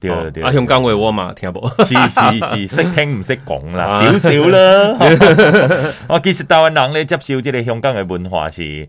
對了對了、啊，香港話嘛，聽不到，是是是，識聽唔識講啦，少少啦。我其實台灣人咧接受這個香港嘅文化是。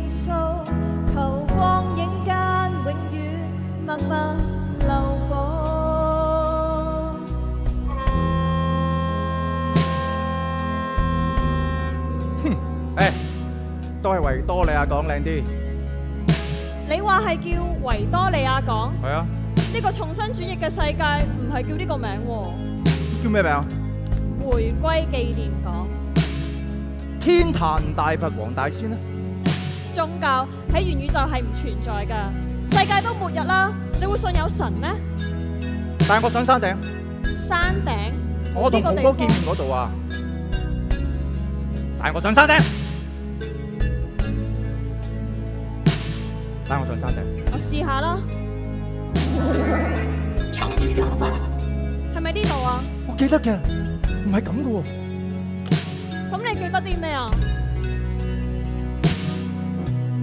哼！哎， 都係維多利亞港靚啲。你話係叫維多利亞港？係啊。呢個重新轉譯嘅世界唔係叫呢個名喎。叫咩名啊？回歸紀念港。天壇大佛黃大仙啊？宗教喺元宇宙係唔存在噶。世界都末日啦，你會信有神咩？帶我上山頂。山頂？呢個地方。我同哥哥見面嗰度啊。帶我上山頂。帶我上山頂。我試下啦。係咪呢度啊？我記得嘅，唔係咁噶喎。咁你記得啲咩啊？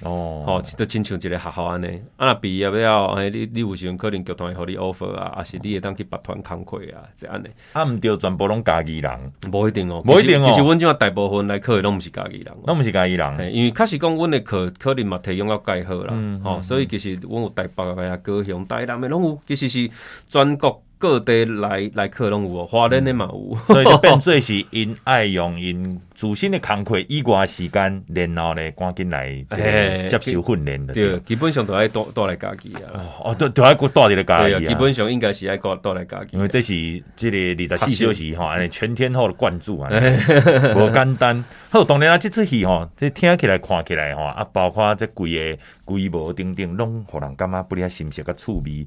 哦，哦，吼，都親像一個學校安尼，啊那畢業了後，你你有時候可能集團會給你 offer 啊，啊是你也當去別團講課啊，這樣嘞，啊唔對，全部攏家己人，無一定哦，無一定哦，其實我今下大部分來課的攏唔是家己人、哦、人，攏唔是家己人，因為確實講，阮的課可能嘛，提供到蓋好啦，吼、嗯嗯嗯哦，所以其實我有台北的啊高雄、台南的攏有，其實是全國。各地來來客攏有哦，華人咧嘛有、嗯，所以就變做是因愛用因自身的慷慨以外的時間然後咧，趕緊來、這個、接受訓練的。對，基本上都愛多多來家己啊，哦，都都喺國多嚟家己、嗯、啊，基本上應該喺國多嚟家己，因為這是這個二十四小時哈，嗯、全天候的關注啊，好、欸、無簡單。 好，當然啊，這出戲哈，這聽起來看起來哈、哦，啊，包括這規個規模等等，攏互人感覺不哩新鮮個趣味。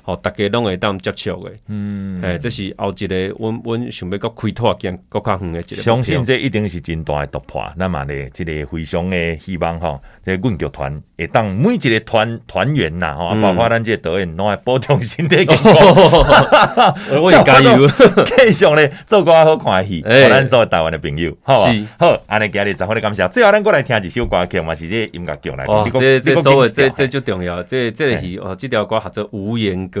大家攏會當接觸嘅，嗯，誒，這是後一個，我我想要個開拓，更擱較遠一個，相信這一定是真大嘅突破，那麼呢，這個非常嘅希望哈。這阮劇團，會當每一個團團員呐，哈，包括咱這導演，攏會保重身體，加油，繼續咧，做個好看嘅戲。誒，咱所有台灣嘅朋友，吼，是好，安尼今日十分嘅感謝。最後，咱過來聽一首歌曲嘛，是這音樂劇來。哦，這、這、稍微、這、這最重要，這、這戲哦，這條歌合做《無言歌》。